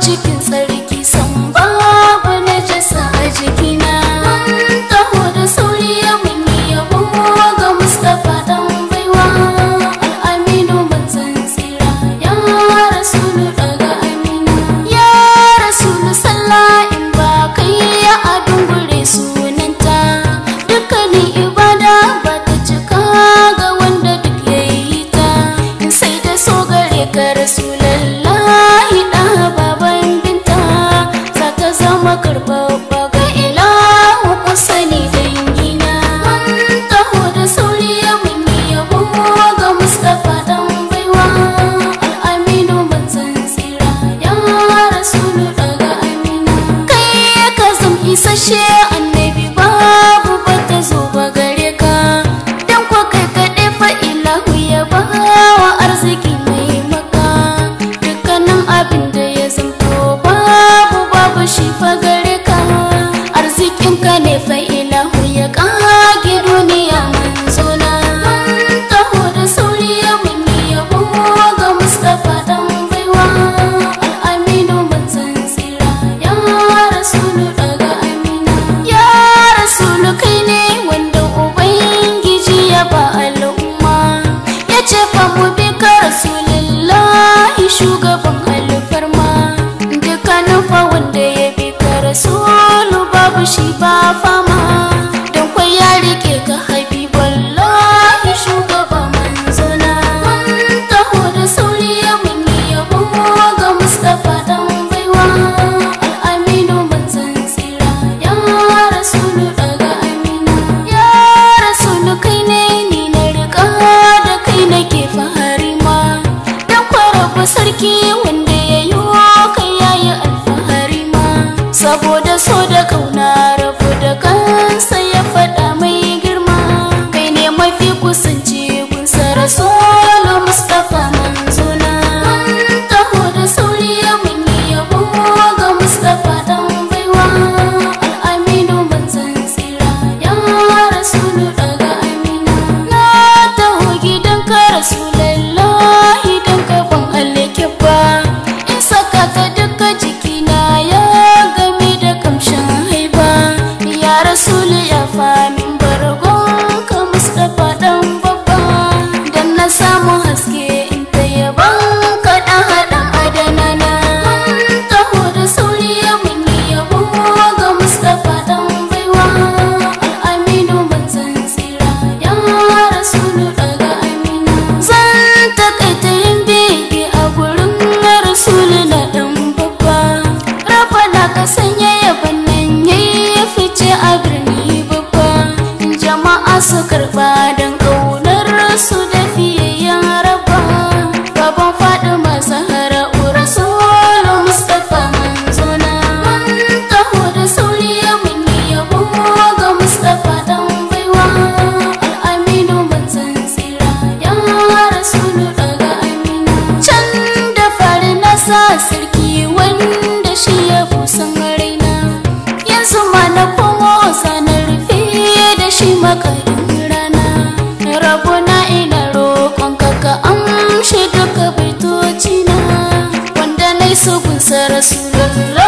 te quero. 谢。saboda so da kauna sukun sarasungga